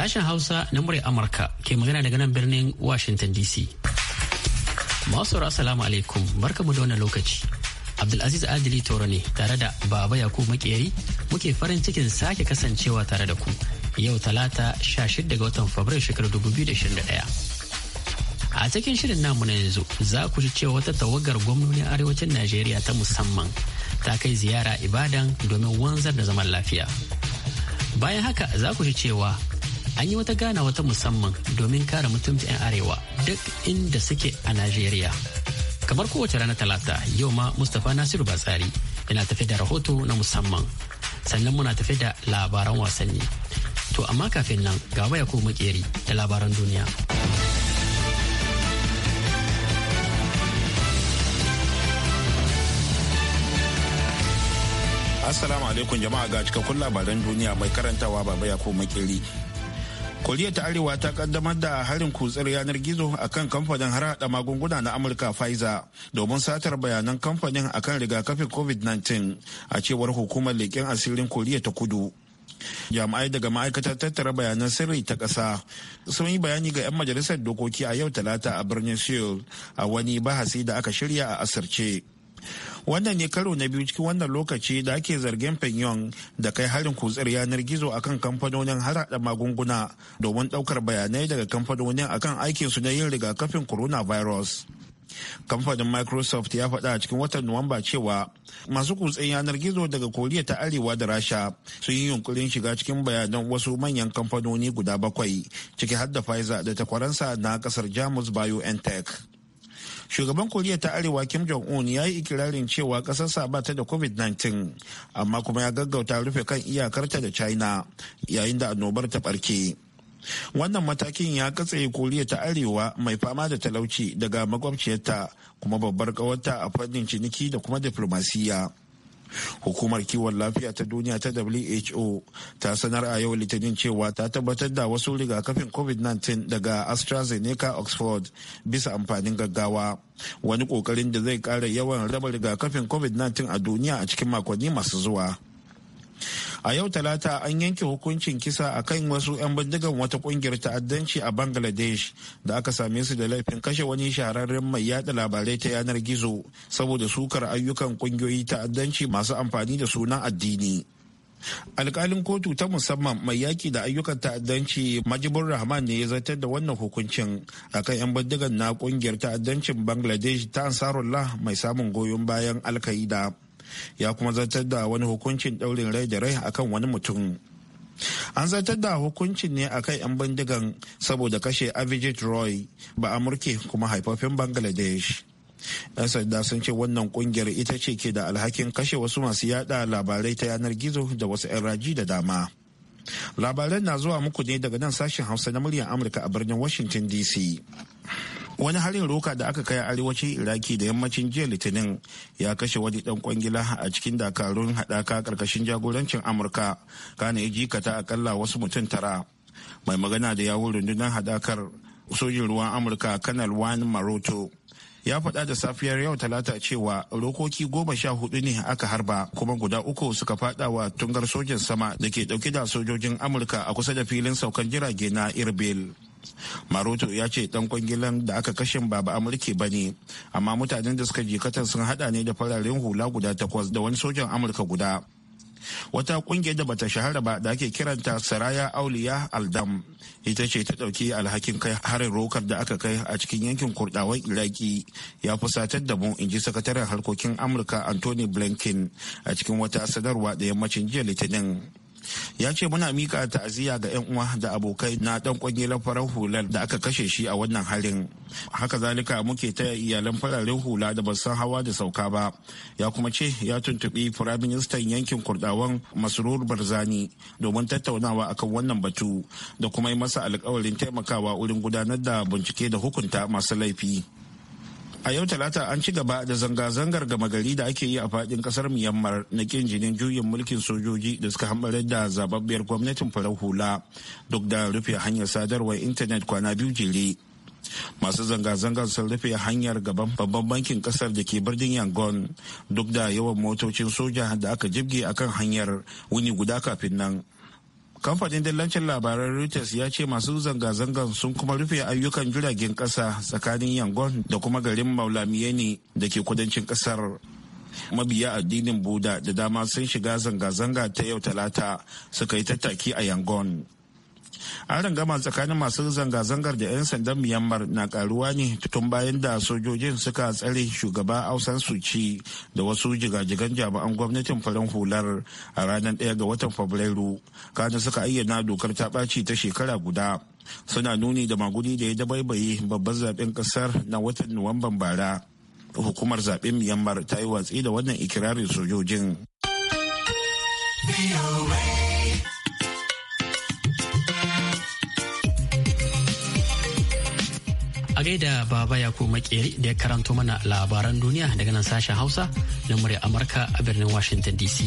Sashen Hausa na murya Amurka ke magana daga nan birnin Washington DC. Masu assalamu alaikum barkamu da wannan lokaci. Abdulaziz Adili Toro ne tare da Baba Yakubu Makeri muke farin cikin sake kasancewa tare da ku. Yau talata 16 ga watan Fabrairu shekarar 2021. A cikin shirin namu na yanzu za ku ji cewa wata tawagar gwamnonin arewacin Najeriya ta musamman ta kai ziyara Ibadan domin wanzar da zaman lafiya. Bayan haka za ku ji cewa an yi wata ganawa ta musamman domin kare mutumci 'yan arewa duk inda suke a najeriya kamar kowace rana talata yau ma mustapha nasiru batsari yana tafi da rahoto na musamman sannan muna tafi da labaran wasanni to amma kafin nan ga waya ko makeri da labaran duniya Assalamu alaikum jama'a ga cikakkun labaran duniya mai karantawa baba ya ko makeri koriya ta arewa ta kaddamar da harin kutsar yanar gizo akan kamfanin har magunguna na amurka pfizer domin satar bayanan kamfanin akan rigakafin covid-19 a cewar hukumar leƙen asirin koriya ta kudu jami'ai daga ma'aikatar tattara bayanan sirri ta ƙasa sun yi bayani ga 'yan majalisar dokoki a yau talata a birnin seoul a wani bahasi da aka shirya a asirce. wannan ne karo na biyu cikin wannan lokaci da ake zargin pyongyang da kai harin kutsar yanar gizo akan kamfanonin harada magunguna domin daukar bayanai daga kamfanonin akan aikinsu na yin rigakafin coronavirus kamfanin microsoft ya faɗa a cikin watan nuwamba cewa masu kutsen yanar gizo daga koriya ta arewa da rasha sun yi yunkurin shiga cikin bayanan wasu manyan kamfanoni guda bakwai ciki har da pfizer da takwaransa na kasar jamus biontech shugaban koriya ta arewa kim jong un ya yi ikirarin cewa ƙasarsa ba ta da covid-19 amma kuma ya gaggauta rufe kan iyakarta da china yayin da annobar ta barke wannan matakin ya katse koriya ta arewa mai fama da talauci daga makwabciyarta kuma babbar kawarta a fannin ciniki da kuma diflomasiyya hukumar kiwon lafiya ta duniya ta who ta sanar a yau litinin cewa ta tabbatar da wasu rigakafin covid-19 daga astrazeneca oxford bisa amfanin gaggawa wani kokarin da zai kara yawan raba rigakafin covid-19 a duniya a cikin makonni masu zuwa a yau talata an yanke hukuncin kisa a kan wasu 'yan bindigan wata kungiyar ta'addanci a bangladesh da aka same su da laifin kashe wani shahararren mai yada labarai ta yanar gizo saboda sukar ayyukan kungiyoyi ta'addanci masu amfani da sunan addini alkalin kotu ta musamman mai yaki da ayyukan ta'addanci majibur rahman ne ya zartar da wannan hukuncin akan 'yan bindigan na kungiyar ta'addancin bangladesh ta ansarullah mai samun goyon bayan alkaida ya kuma zartar da wani hukuncin daurin rai da rai akan wani mutum an zartar da hukuncin ne akan 'yan bindigan saboda kashe avijit roy ba amurke kuma haifafin bangladesh 'yan sanda sun ce wannan kungiyar ita ce ke da alhakin kashe wasu masu yada labarai ta yanar gizo da wasu 'yan raji da dama labaran na zuwa muku ne daga nan sashen hausa na muryar amurka a birnin washington dc wani harin roka da aka kai a arewacin iraki da yammacin jiya litinin ya kashe wani dan kwangila a cikin dakarun haɗaka karkashin jagorancin amurka kana ya jikata akalla wasu mutum tara mai magana da yawon rundunar haɗakar sojin ruwan amurka kanal wani maroto ya faɗa da safiyar yau talata cewa rokoki goma sha hudu ne aka harba kuma guda uku suka faɗa wa tungar sojin sama da ke ɗauke da sojojin amurka a kusa da filin saukan jirage na irbil maroto ya ce dan kwangilan da aka kashe ba ba amurke ba ne amma mutanen da suka jikata sun hada ne da fararen hula guda takwas da wani sojan amurka guda wata kungiyar da bata shahara ba da ake kiranta saraya auliya aldam ita ce ta dauki alhakin kai harin rokar da aka kai a cikin yankin kurdawan iraki ya fusatar da mu in ji sakataren harkokin amurka anthony blinken a cikin wata sadarwa da yammacin jiya litinin ya ce muna mika ta'aziyya ga 'yan uwa da abokai na dan kwangilar farar hular da aka kashe shi a wannan harin haka zalika muke taya iyalan fararen hula da ba san hawa da sauka ba ya kuma ce ya tuntubi firaministan yankin kurdawan masurur barzani domin tattaunawa akan wannan batu da kuma yi masa alkawarin taimakawa wurin gudanar da bincike da hukunta masu laifi a yau talata an ci gaba da zanga-zangar gama gari da ake yi a fadin kasar myanmar na kin jinin juyin mulkin sojoji da suka hambarar da zababbiyar gwamnatin farar hula duk da rufe hanyar sadarwar intanet kwana biyu jere masu zanga-zangar sun rufe hanyar gaban babban bankin kasar da ke birnin yangon duk da yawan motocin soja da aka jibge akan hanyar wuni guda kafin nan kamfanin dillancin labaran reuters ya ce masu zanga-zangar sun kuma rufe ayyukan jiragen kasa tsakanin yangon da kuma garin maulamiyeni da ke kudancin kasar mabiya addinin buda da dama sun shiga zanga-zanga ta yau talata suka yi tattaki a yangon an rangama tsakanin masu zanga-zangar da 'yan sandan myanmar na karuwa ne tun bayan da sojojin suka tsare shugaba ausan suci da wasu jigan-jigan jami'an gwamnatin farin hular a ranar 1 ga watan fabrairu kana suka ayyana dokar ta ɓaci ta shekara guda suna nuni da maguni da ya dabaibaye babban zaben kasar na watan nuwamban bara hukumar zaben myanmar ta yi watsi da wannan ikirarin sojojin. a gaida baba ya ko makeri da ya karanto mana labaran duniya daga nan sashen hausa na murya amurka a birnin washington dc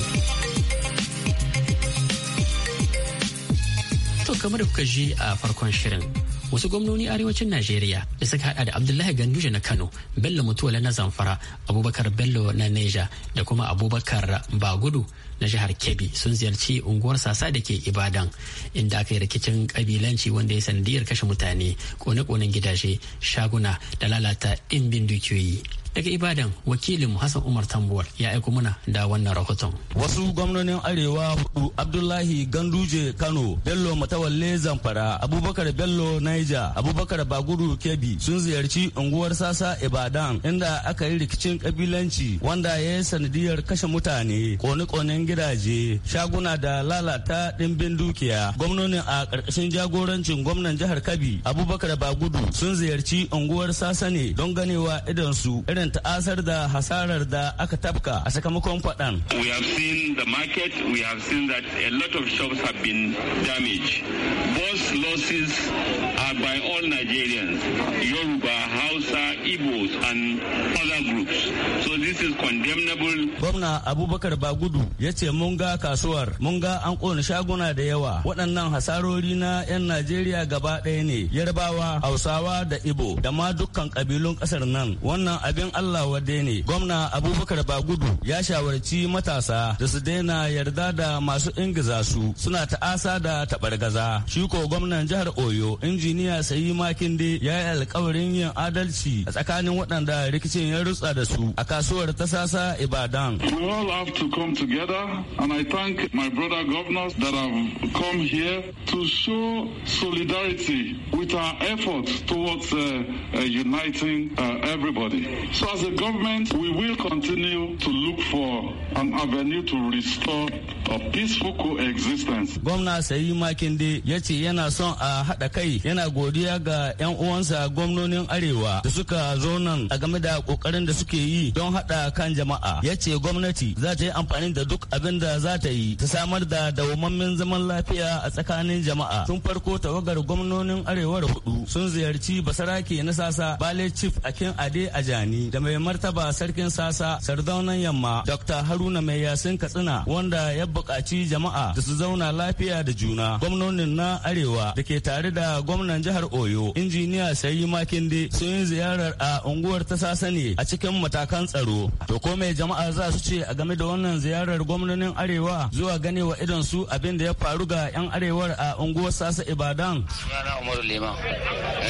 to kamar da kuka ji a farkon shirin wasu gwamnoni arewacin najeriya da suka hada da abdullahi ganduje na kano bello mutuwala na zamfara abubakar bello na neja da kuma abubakar bagudu na jihar kebbi sun ziyarci unguwar sasa da ke ibadan inda aka yi rikicin kabilanci wanda ya sanadiyar kashe mutane kone-konen gidaje shaguna da lalata bin dukiyoyi Daga Ibadan wakilin Hassan Umar Tambuwar ya aiko mana da wannan rahoton. Wasu gwamnonin Arewa hudu Abdullahi Ganduje Kano, Bello Matawalle Zamfara, Abubakar Bello Niger, Abubakar Baguru Kebbi sun ziyarci unguwar Sasa Ibadan inda aka yi rikicin kabilanci wanda ya yi sanadiyar kashe mutane, kone-konen gidaje, shaguna da lalata dimbin dukiya. Gwamnonin a karkashin jagorancin gwamnan jihar Kabi, Abubakar Bagudu sun ziyarci unguwar Sasa ne don ganewa idan su irin irin ta'asar da hasarar da aka tafka a sakamakon faɗan. We have seen the market, we have seen that a lot of shops have been damaged. Both losses are by all Nigerians. Yoruba Hausa, Igbos, and other groups. So this is condemnable. Gwamna Abubakar Bagudu ya ce mun ga kasuwar, mun ga an ƙona shaguna da yawa. Waɗannan hasarori na 'yan Najeriya gaba ɗaya ne, Yarbawa, Hausawa da Ibo, da ma dukkan ƙabilun ƙasar nan. Wannan abin Allah wadai ne. Gwamna Abubakar Bagudu ya shawarci matasa da su daina yarda da masu ingiza su suna ta'asa da taɓargaza. Shi ko gwamnan jihar Oyo, injiniya Sayi Makinde ya yi alkawarin yin adalci adalci a tsakanin waɗanda rikicin ya rutsa da su a kasuwar ta sasa Ibadan. We all have to come together and I thank my brother governors that have come here to show solidarity with our efforts towards uh, uh, uniting uh, everybody. So as a government, we will continue to look for an avenue to restore a peaceful coexistence. Gwamna Sayi Makinde ya ce yana son a haɗa kai yana godiya ga 'yan uwansa gwamnonin Arewa da suka zo nan a game da kokarin da suke yi don hada kan jama'a ya ce gwamnati za ta yi amfani da duk abin da za ta yi ta samar da dawamammen zaman lafiya a tsakanin jama'a tun farko tawagar gwamnonin arewar hudu sun ziyarci basarake na sasa bale chief akin ade ajani da mai martaba sarkin sasa sardaunan yamma dr haruna mai yasin katsina wanda ya bukaci jama'a da su zauna lafiya da juna gwamnonin na arewa da ke tare da gwamnan jihar oyo injiniya sayi makinde sun yin ziyarar a unguwar ta sasa a cikin matakan tsaro. To ko mai jama'a za su ce a game da wannan ziyarar gwamnonin Arewa zuwa ganewa idon su abin da ya faru ga 'yan Arewar a unguwar sasa Ibadan. Sunana Umaru Liman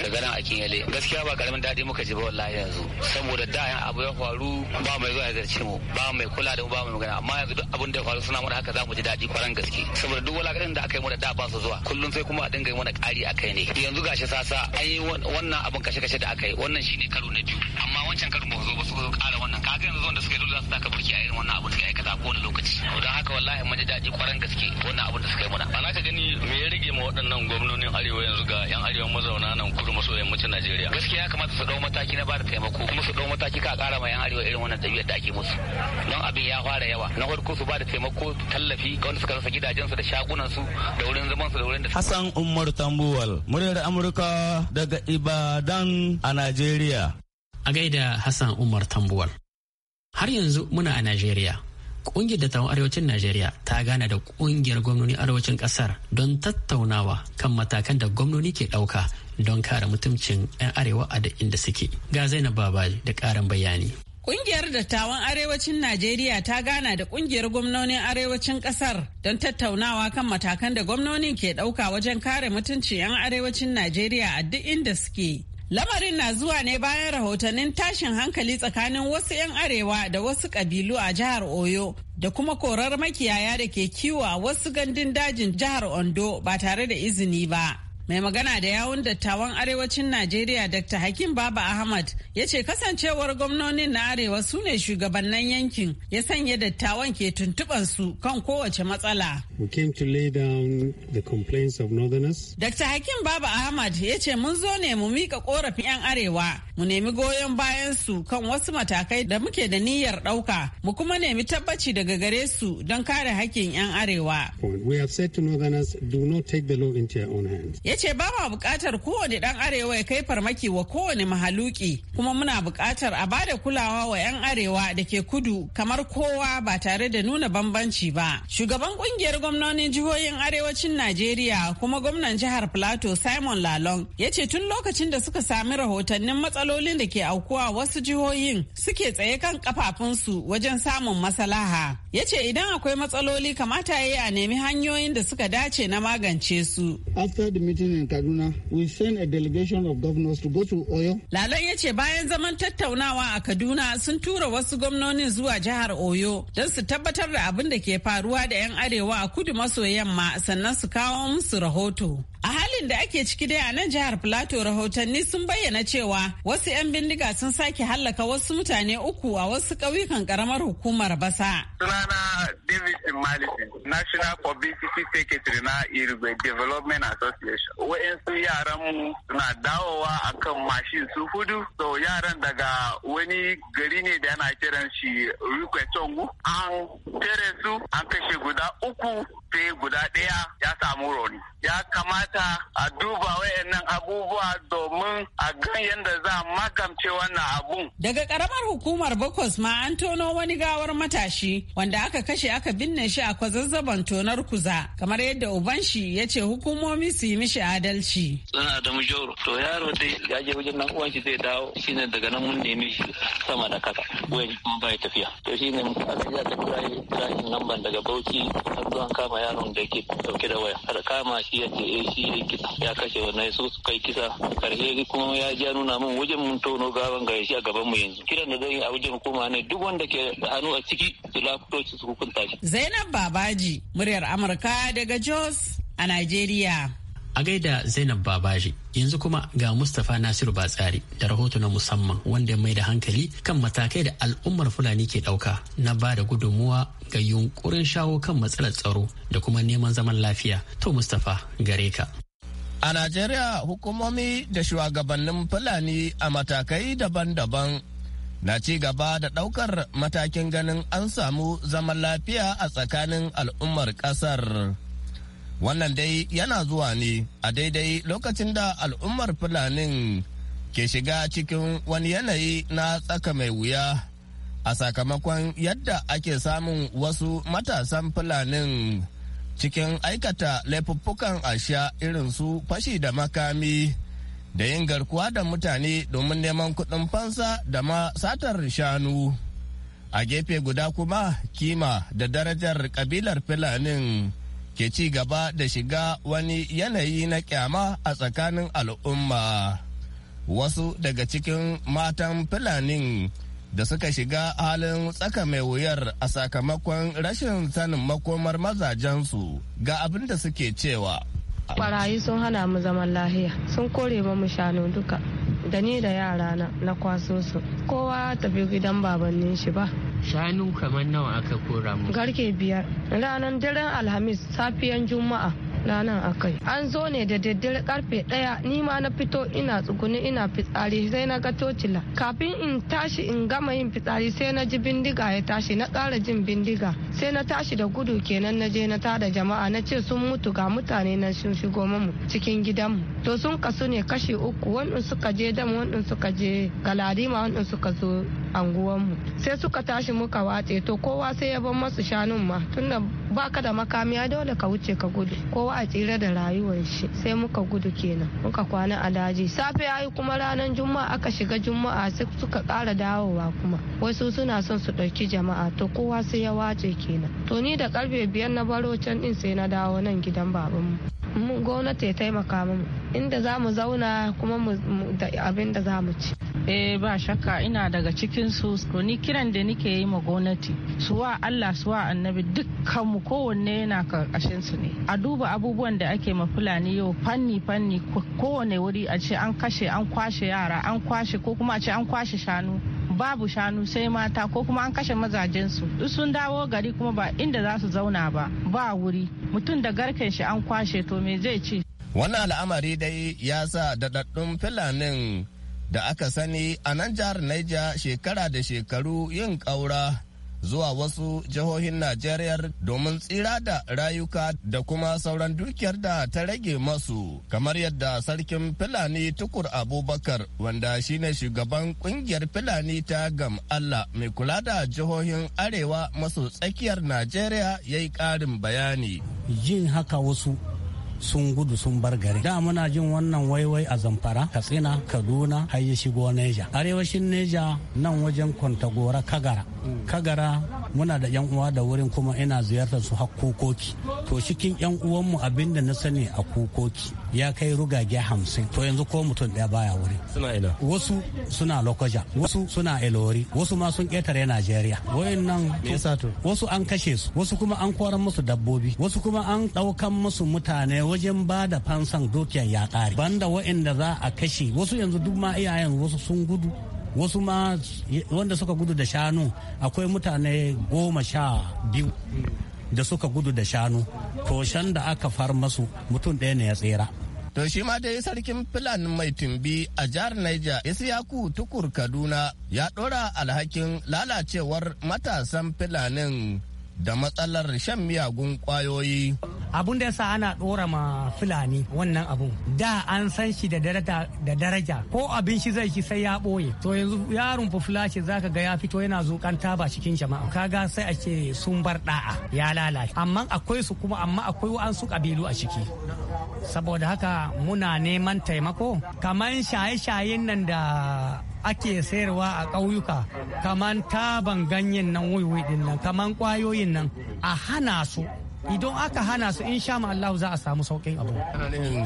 daga nan akin yale. Gaskiya ba karamin daɗi muka ji ba wallahi yanzu. Saboda da yan abu ya faru ba mai zuwa ya zarce mu ba mai kula da mu ba mai magana amma yanzu duk abin da ya faru suna mana haka za mu ji daɗi kwaran gaske. Saboda duk walaƙarin da aka yi mu da da ba su zuwa kullum sai kuma a dinga yi mana ƙari a kai ne. Yanzu gashi sasa an yi wannan abin kashe-kashe da aka yi wannan shine karo na biyu amma wancan karo ba zo ba suka zo kara wannan kaga yanzu wanda suka yi dole za su taka burki a irin wannan abu da aikata ko wani lokaci don haka wallahi da daɗi kwaran gaske wannan abin da suka yi mana ana ka gani me ya rage ma waɗannan gwamnonin arewa yanzu ga yan arewa mazauna nan kudu maso yammacin najeriya gaskiya ya kamata su ɗau mataki na ba da taimako kuma su ɗau mataki ka ƙara ma yan arewa irin wannan ɗabi'ar da ake musu don abin ya fara yawa na farko su ba da taimako tallafi ga wanda suka rasa gidajensu da shagunansu da wurin su da wurin da hassan umar tambuwal muryar amurka daga ibadan a najeriya a gaida hassan umar tambuwal har yanzu muna a najeriya Ƙungiyar dattawan arewacin Najeriya ta gana da ƙungiyar gwamnoni arewacin ƙasar don tattaunawa kan matakan da gwamnoni ke ɗauka don kare mutumcin 'yan arewa a duk inda suke. Ga Zainab Babaji da ƙarin bayani. Kungiyar dattawan arewacin Najeriya ta gana da ƙungiyar gwamnonin arewacin ƙasar don tattaunawa kan matakan da gwamnonin ke ɗauka wajen kare mutuncin 'yan arewacin Najeriya a duk inda suke. Lamarin na zuwa ne bayan rahotannin tashin hankali tsakanin wasu 'yan arewa da wasu ƙabilu a jihar Oyo da kuma korar makiyaya da ke kiwo a wasu gandun dajin jihar Ondo ba tare da izini ba. Mai magana da yawun dattawan arewacin Najeriya Dr. Hakim Baba Ahmad ya ce kasancewar gwamnonin na arewa su ne shugabannin yankin ya sanya dattawan ke tuntuban su kan kowace matsala. We Dr. Hakim Baba Ahmad ya ce mun zo ne mu mika korafin 'yan arewa mu nemi goyon bayan su kan wasu matakai da muke da niyyar ɗauka mu kuma nemi tabbaci daga gare su don kare hakkin 'yan arewa. We have said to ya ce ba ma bukatar kowane dan arewa ya kai farmaki wa kowane mahaluki kuma muna bukatar a bada kulawa wa 'yan arewa da ke kudu kamar kowa ba tare da nuna bambanci ba shugaban kungiyar gwamnonin jihohin arewacin najeriya kuma gwamnan jihar plateau simon lalon ya ce tun lokacin da suka sami rahotannin matsalolin da ke aukuwa wasu jihohin suke tsaye kan kafafunsu wajen samun masalaha ya ce idan akwai matsaloli kamata ya yi a nemi hanyoyin da suka dace na magance su meeting in Kaduna, we send a delegation of governors to go to Oyo. Lalo ya bayan zaman tattaunawa a Kaduna sun tura wasu gwamnonin zuwa jihar Oyo don su tabbatar da abin da ke faruwa da 'yan arewa a kudu maso yamma sannan su kawo musu rahoto. A halin da ake ciki dai a nan jihar Plateau rahotanni sun bayyana cewa wasu 'yan bindiga sun sake hallaka wasu mutane uku a wasu ƙauyukan karamar hukumar basa. Sunana David Malisi, National Publicity Secretary na Irigwe Development Association. Wa'yansu yaran suna dawowa akan mashin su hudu. So yaran daga wani gari ne da ana kiran shi Rikwe Tongu. An tere su an kashe guda uku sai guda ɗaya ya samu rauni. Ya kamata kamata a duba wayannan abubuwa domin a gan yadda za a magance wannan abun. Daga karamar hukumar Bokos ma an tono wani gawar matashi wanda aka kashe aka binne shi a kwazazzaban tonar kuza kamar yadda uban shi ya ce hukumomi su yi mishi adalci. Suna da mujoro to yaro dai ya je wajen nan uwan shi zai dawo shi ne daga nan mun neme shi sama da kasa wayan bai tafiya to shi shine aka ja yadda kurai kurai nan ban daga Bauchi har zuwa kama yaron da yake dauke da waya har kama shi ya ce eh shi shi kisa ya kashe wannan su su kai kisa karshe kuma ya ja nuna min wajen mun tono gaban ga shi a gaban mu yanzu kiran da zai yi a wajen hukuma ne duk wanda ke da hannu a ciki su lafutoci su hukunta shi Zainab Babaji muryar Amurka daga Jos a nigeria. A gaida Zainab Babaji yanzu kuma ga Mustapha Nasiru Batsari da rahoto na musamman wanda ya mai da hankali kan matakai da al'ummar Fulani ke ɗauka na ba da gudunmuwa ga yunkurin shawo kan matsalar tsaro da kuma neman zaman lafiya. To Mustapha gare ka. A Najeriya hukumomi da shugabannin Fulani a matakai daban-daban na ci gaba da ɗaukar matakin ganin an samu zaman lafiya a tsakanin al'ummar ƙasar. Wannan dai yana zuwa ne a daidai lokacin da al'ummar Fulanin ke shiga cikin wani yanayi na tsaka mai wuya a sakamakon yadda ake samun wasu matasan Fulanin cikin aikata laifuffukan asha irin su fashi da makami da yin garkuwa da mutane domin neman kuɗin fansa da ma satar shanu. A gefe guda kuma kima da darajar kabilar Fulanin. ke ci gaba da shiga wani yanayi na kyama a tsakanin al'umma wasu daga cikin matan fulanin da suka shiga halin tsaka mai wuyar a sakamakon rashin sanin makomar mazajensu ga abin da suke cewa barayi sun hana mu zaman lahiya sun kore mu shanu duka da ni da yara na kwaso su kowa tafi gidan babannin shi ba shanu kamar nawa aka kora mu garke biyar ranar daren alhamis safiyan juma'a ranar a kai an zo ne da daddare karfe daya ni ma na fito ina tsuguni ina fitsari sai na ga tocila kafin in tashi in gama yin fitsari sai na ji bindiga ya tashi na kara jin bindiga sai na tashi da gudu kenan na je na tada jama'a na ce sun mutu ga mutane na sun shigo mamu cikin gidanmu to sun kasu ne kashi uku wannan suka je dam wannan suka je galadima wannan suka zo anguwanmu sai suka tashi muka watse to kowa sai ya bar masu shanun ma tunda baka da makami makamiya dole ka wuce ka gudu kowa a tsira da rayuwar shi sai muka gudu kenan muka kwana a daji safe yayi kuma ranar juma'a aka shiga juma'a sai suka kara dawowa kuma wasu suna son su ɗauki jama'a to kowa sai ya wace kenan to ni da karfe biyar na baro can din sai na dawo nan gidan babanmu gwamnati ya taimaka mu inda za mu zauna kuma abin da za mu ci. Eh ba shakka ina daga cikin su ni kiran da nike yi ma gwamnati suwa Allah suwa annabi dukkan mu kowanne yana karkashin su ne a duba abubuwan da ake ma fulani yau fanni fanni kowane wuri a ce an kashe an kwashe yara an kwashe ko kuma a ce an kwashe shanu babu shanu sai mata ko kuma an kashe mazajensu duk sun dawo gari kuma ba inda za su zauna ba ba wuri mutum da garken shi an kwashe to me zai ce wannan al'amari dai ya sa daɗaɗɗun filanin da aka sani a nan jihar Niger shekara da shekaru yin ƙaura zuwa wasu jihohin Najeriya domin tsira da rayuka da kuma sauran dukiyar da ta rage masu kamar yadda sarkin Fulani Tukur Abubakar wanda shine shugaban kungiyar Fulani ta Gam Allah mai kula da jihohin Arewa maso tsakiyar Najeriya ya yi ƙarin bayani. Yin haka wasu sun gudu sun bar gari da muna jin wannan waiwai a zamfara katsina kaduna har ya shigo neja arewacin neja nan wajen kwantagora kagara kagara muna da yan uwa da wurin kuma ina ziyartar su har kokoki to cikin yan uwanmu abinda na sani a kokoki ya kai rugage hamsin to yanzu ko mutum ɗaya baya wuri suna ila wasu suna lokoja wasu suna ilori wasu ma sun ƙetare najeriya wayannan wasu an kashe su wasu kuma an koran musu dabbobi wasu kuma an ɗaukan musu mutane wajen ba da fansan dukiyar ya kare banda waɗanda za a kashe wasu yanzu duk ma iyayen wasu sun gudu wasu ma wanda suka gudu da shanu akwai mutane goma sha biyu da suka gudu da shanu toshen da aka far masu mutum ɗaya ne ya tsira To shi ma dai sarkin Fulani mai tumbi a jihar Niger Isiyaku Tukur Kaduna ya ɗora alhakin lalacewar matasan Fulanin da matsalar shan miyagun ƙwayoyi. abun da yasa ana dora ma fulani wannan abun da an san shi da daraja da daraja ko abin shi zai shi sai ya boye to yanzu yaron fufula ce zaka ga ya fito yana zukan taba cikin jama'a kaga sai a ce sun bar da'a ya lalace amma akwai su kuma amma akwai su kabilu a ciki saboda haka muna neman taimako kaman shaye-shayen nan da ake sayarwa a ƙauyuka kaman taban ganyen nan wuiwui din nan kaman ƙwayoyin nan a hana su idan aka hana su in sha Allah za a samu saukin abu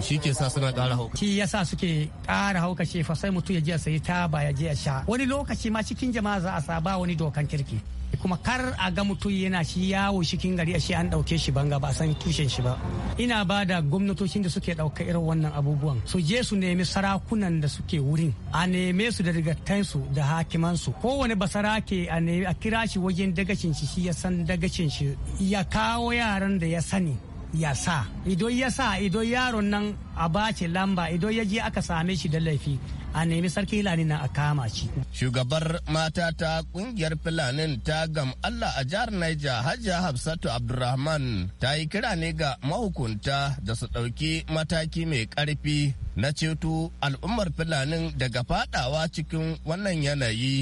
shi ke sa suna ƙara hauka shi yasa suke ƙara hauka shi fa sai mutum ya je ya sayi taba ya je ya sha wani lokaci ma cikin jama'a za a sa ba wani dokan kirki kuma kar a ga mutum yana shi yawo cikin gari a shi an ɗauke shi banga ba san tushen shi ba ina ba da gwamnatocin da suke ɗauka irin wannan abubuwan su je su nemi sarakunan da suke wurin a neme su da rigattansu da hakimansu kowane basara a a kira shi wajen dagacin shi shi ya san dagacin shi ya kawo yaran yaron da ya sani ya sa idan ya sa idan yaron nan a bace lamba idan ya je aka same shi da laifi a nemi sarki hilani na a kama shi. Shugabar mata ta kungiyar filanin ta gam Allah a jihar Niger Hajiya Hafsatu abdurrahman ta yi kira ne ga mahukunta da su ɗauki mataki mai karfi na ceto al'ummar filanin daga fadawa cikin wannan yanayi.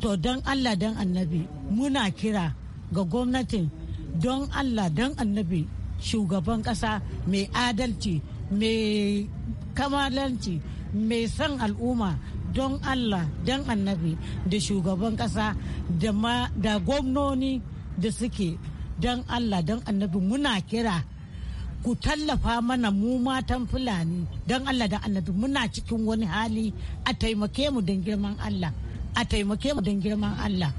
To don Allah don annabi muna kira ga gwamnatin don allah don annabi shugaban kasa mai adalci mai kamalanci mai san al'umma don allah don annabi da shugaban kasa da gwamnoni da suke don allah don annabi muna kira ku tallafa mana mu matan fulani don allah da annabi muna cikin wani hali a taimake mu don girman allah a taimake mu don girman allah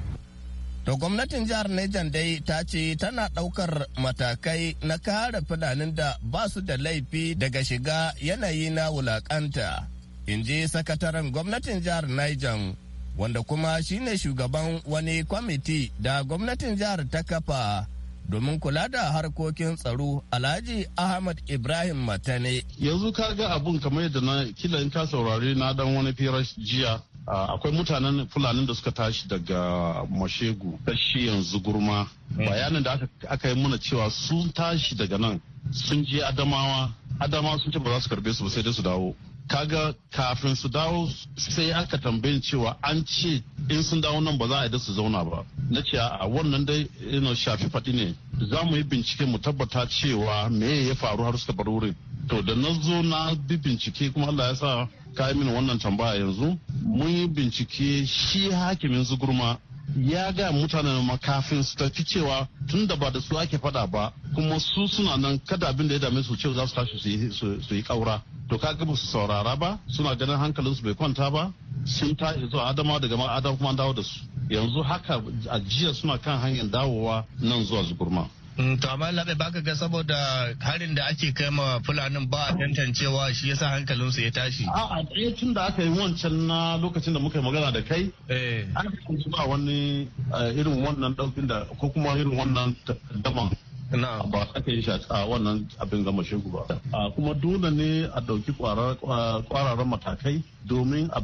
To gwamnatin jihar Niger dai ta ce tana ɗaukar matakai na kare fidanin da ba su da laifi daga shiga yanayi na wulakanta. In ji sakataren gwamnatin jihar Niger wanda kuma shine shugaban wani kwamiti da gwamnatin jihar ta kafa domin kula da harkokin tsaro alhaji ahmad ibrahim matane yanzu ka ga abun kamar yadda na kila in ka saurari na dan wani firar jiya Ah, akwai mutanen fulanin da suka tashi daga mashegu da shi yanzu gurma mm. bayanin da aka yi muna cewa sun tashi daga nan sun je adamawa adamawa sun ce ba za su karbe su ba sai dai su dawo kaga kafin su dawo sai aka tambayin cewa an ce in sun dawo nan ba za a yi da su zauna ba na ce a wannan dai ina shafi faɗi ne za mu yi bincike mu tabbata cewa me ya faru har suka bar wurin to da na zo na bi bincike kuma Allah ya sa ka yi mini wannan tambaya yanzu mun yi bincike shi hakimin zugurma ya ga mutanen makafin su tafi cewa tun da ba da su ake fada ba kuma su suna nan kada abin da ya dame su cewa za su tashi su yi kaura to ka ga su saurara ba suna ganin hankalin su bai kwanta ba sun ta zuwa adama daga adam kuma dawo da su yanzu haka a suna kan hanyar dawowa nan zuwa zugurma Mm, to amma labe baka ga saboda harin da ake kai ma fulanin ba a tantancewa shi yasa hankalin su ya tashi a a ɗaya tun da aka yi wancan na lokacin da muka yi magana da kai eh an ba wani eh, irin wannan daukin da ko kuma irin wannan daman na ba aka yi shi a wannan abin gama shegu ba kuma dole ne a dauki kwararan matakai domin a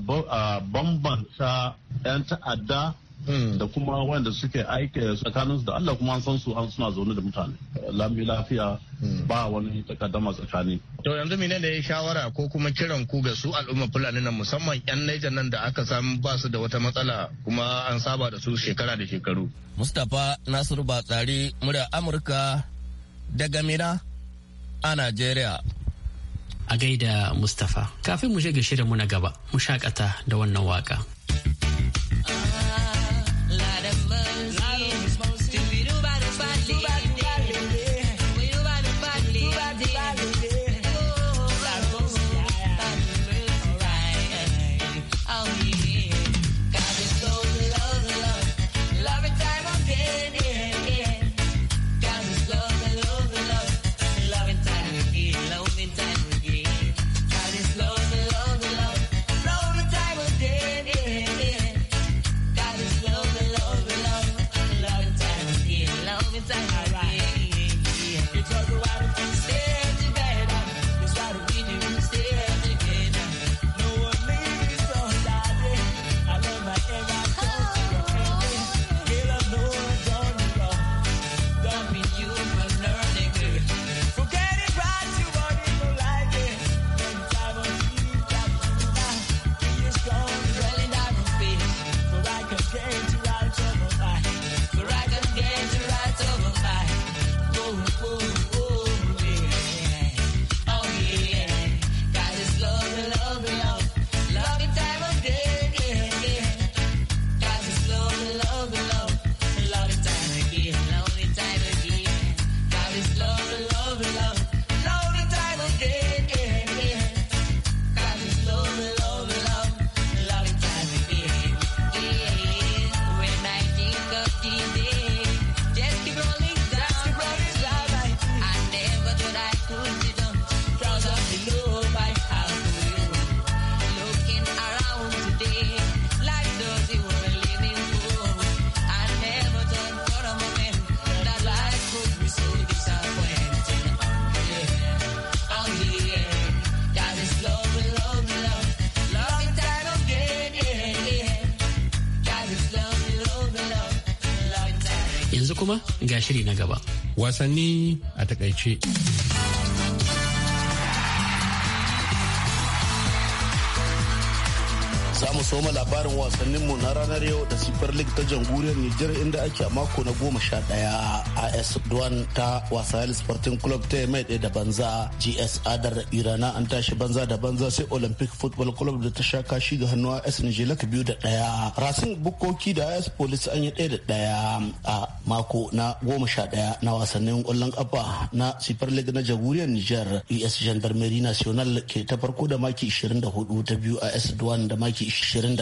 bambanta 'yan ta'adda Hmm. da kuma wanda suke aika tsakaninsu da Allah kuma an san su an suna zaune da mutane lami lafiya hmm. ba wani takaddama tsakani. To yanzu mine ne ya shawara ko kuma kiran ku ga su al'umma Fulani nan musamman 'yan Niger nan da aka samu ba su da wata matsala kuma an saba da su shekara da shekaru. Mustapha Nasiru Batsari murya Amurka daga Mina a Najeriya. A gaida Mustapha kafin mu shiga shirin mu na gaba mu shakata da wannan waka. time shiri na gaba. Wasanni a takaice. Za mu soma labarin wasannin mu na ranar yau da Super League ta jamhuriyar Nijar inda ake a mako na goma sha ɗaya. AS Duan ta wasayar Sporting Club ta mai ɗaya da banza. GS Adar Irana an tashi banza da banza sai Olympic Football Club da ta sha kashi ga hannu AS ka biyu da daya Rasin Bukoki da AS Police an yi ɗaya da daya a mako na goma sha daya na wasannin ƙwallon kafa na Super League na jamhuriyar Niger US Gendarmerie National ke ta farko da maki 24 ta biyu AS Duan da maki 21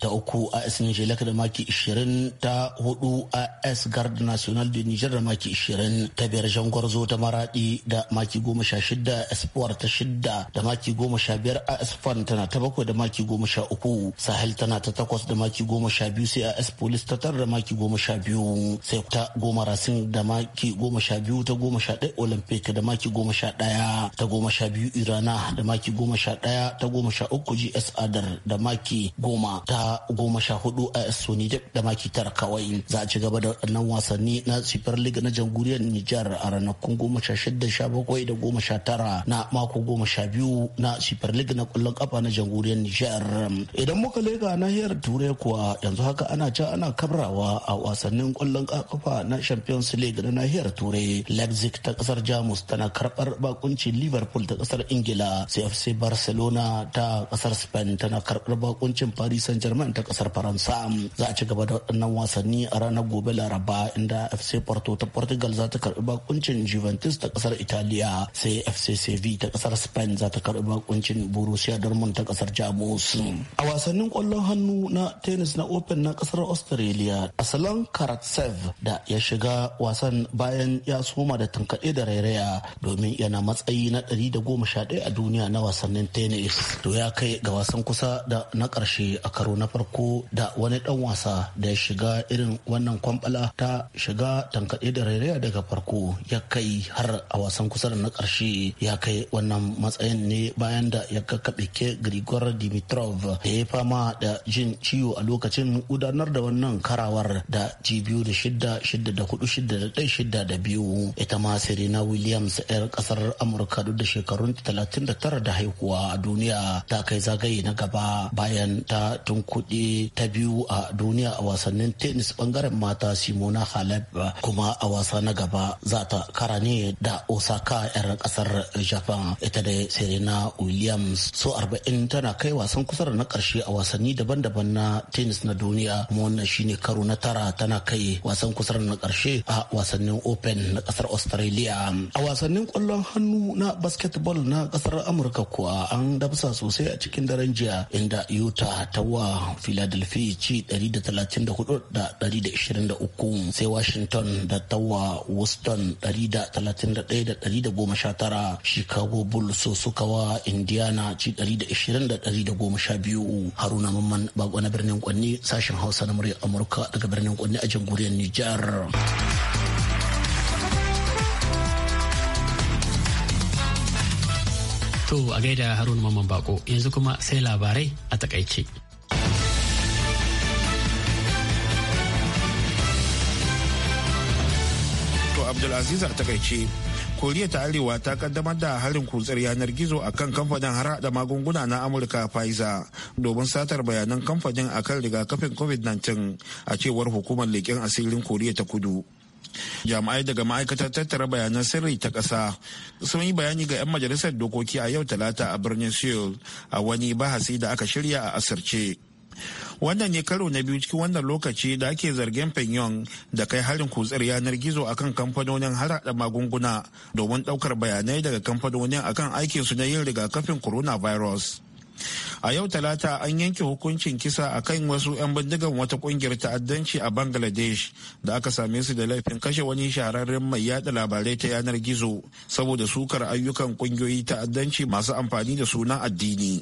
ta uku AS Nijelek da maki 20 ta hudu AS Garde National de Niger da maki 20 ta biyar Jangwarzo ta Maradi da maki 16 Espoir ta shida da maki 15 AS Fan tana ta bakwai da maki 13 Sahel tana ta takwas da maki 12 sai AS Police ta tara da maki 12 sai ta goma Racing da maki 12 ta 11 Olympic da maki 11 ta 12 Irana da maki 11 ta 13 GS Adar da maki maki goma ta goma sha hudu a suni da maki tara kawai za a ci gaba da nan wasanni na super league na jamhuriyar nijar a ranakun goma sha shida sha bakwai da goma sha tara na mako goma sha biyu na super league na kwallon kafa na jamhuriyar nijar idan muka lega nahiyar turai kuwa yanzu haka ana can ana kabrawa a wasannin kwallon kafa na champions league na nahiyar turai leipzig ta kasar jamus tana karɓar bakuncin liverpool ta kasar ingila sai fc barcelona ta kasar spain tana karbar hukuncin Paris Saint-Germain ta kasar Faransa. Za a ci gaba da waɗannan wasanni a ranar gobe Laraba inda FC Porto ta Portugal za ta karbi bakuncin Juventus ta kasar Italiya sai FC Sevilla ta kasar Spain za ta karbi bakuncin Borussia Dortmund ta kasar Jamus. A wasannin kwallon hannu na tennis na Open na kasar Australia, Aslan Karatsev da ya shiga wasan bayan ya soma da tankaɗe da rairaya domin yana matsayi na 111 a duniya na wasannin tennis. To ya kai ga wasan kusa da na na ƙarshe a karo na farko da wani ɗan wasa da ya shiga irin wannan kwambala ta shiga tankaɗe da rairaya daga farko ya kai har a wasan kusa da na ƙarshe ya kai wannan matsayin ne bayan da ya kakkaɓe ke Grigor Dimitrov da ya fama da jin ciwo a lokacin gudanar da wannan karawar da ji biyu da shidda shidda da hudu shidda da ɗai shidda da biyu ita ma Serena Williams 'yar ƙasar Amurka duk da shekarun tara da haihuwa a duniya ta kai zagaye na gaba bayan bayan ta tun kuɗi ta biyu a duniya a wasannin tennis bangaren mata simona halep kuma a wasa na gaba za ta kara ne da osaka 'yar kasar japan ita da serena williams so 40 tana kai wasan kusa na karshe a wasanni daban-daban na tennis na duniya kuma wannan shine karo na tara tana kai wasan kusa na karshe a wasannin open na kasar australia a wasannin kwallon hannu na basketball na kasar amurka kuwa an dabsa sosai a cikin daren jiya inda utah ta wa philadelphia ci 134 da 123 sai washington da ta wa Houston 131-119 Chicago Bulls suka wa Indiana ci 120-112 Haruna Mamman bako na birnin kwanne sashen Hausa na murya Amurka daga birnin kwanne a jamhuriyar Nijar. To a gaida Haruna Mamman Bako yanzu kuma sai labarai a takaice. To Abdulaziz a takaice. koriya ta arewa ta kaddamar da harin kutsar yanar gizo a kan kamfanin har magunguna na amurka pfizer domin satar bayanan kamfanin a kan rigakafin covid-19 a cewar hukumar leƙen asirin koriya ta kudu jami'ai daga ma'aikatar tattara bayanan sirri ta ƙasa sun yi bayani ga 'yan majalisar dokoki a yau talata a birnin seoul a wani bahasi da aka shirya a asirce wannan ne karo na biyu cikin wannan lokaci da ake zargin pyongyang da kai harin kutsar yanar gizo akan kamfanonin harada magunguna domin daukar bayanai daga kamfanonin akan aikinsu na yin rigakafin coronavirus a yau talata an yanke hukuncin kisa a kan wasu 'yan bindigan wata kungiyar ta'addanci a bangladesh da aka same su da laifin kashe wani shahararren mai yada labarai ta yanar gizo saboda sukar ayyukan kungiyoyi ta'addanci masu amfani da sunan addini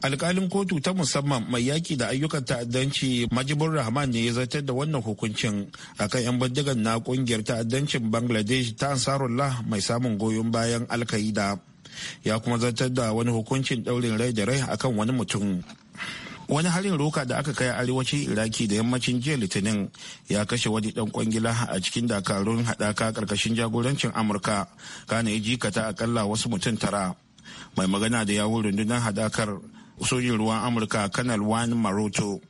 alkalin kotu ta musamman mai yaki da ayyukan ta'addanci majibur rahman ne ya zartar da wannan hukuncin akan 'yan bindigan na kungiyar ta'addancin bangladesh ta ansarullah mai samun goyon bayan alkaida ya kuma zartar da wani hukuncin daurin rai da rai akan wani mutum wani harin roka da aka kai a arewacin iraki da yammacin jiya litinin ya kashe wani dan kwangila a cikin dakarun haɗaka ƙarƙashin jagorancin amurka kana ya jikata akalla wasu mutum tara mai magana da yawun rundunar haɗakar sojin ruwan amurka kanal wani maroto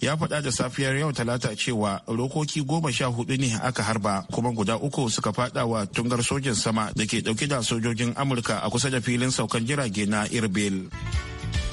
ya faɗa da safiyar yau talata cewa rokoki goma sha hudu ne aka harba kuma guda uku suka faɗa wa tungar sojin sama da ke ɗauke da sojojin amurka a kusa da filin saukan jirage na irbil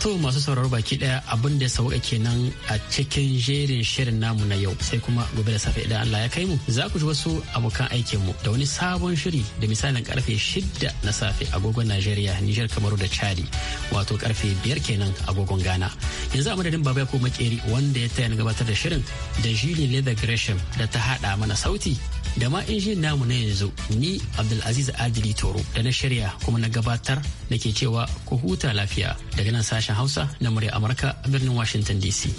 To masu sauraro baki daya abin da ya sauka kenan a cikin jerin shirin namu na yau sai kuma gobe da safe idan Allah ya kai mu za ku ji wasu abokan aikin mu da wani sabon shiri da misalin karfe 6 na safe agogon Najeriya Niger Kamaru da Chadi wato karfe biyar kenan agogon Ghana yanzu a madadin baba ko makeri wanda ya taya gabatar da shirin da Julie Leather Gresham da ta hada mana sauti da ma injin namu na yanzu ni Abdulaziz Adili Toro da na shirya kuma na gabatar da ke cewa ku huta lafiya daga nan sashen Hausa na murya Amurka a birnin Washington DC.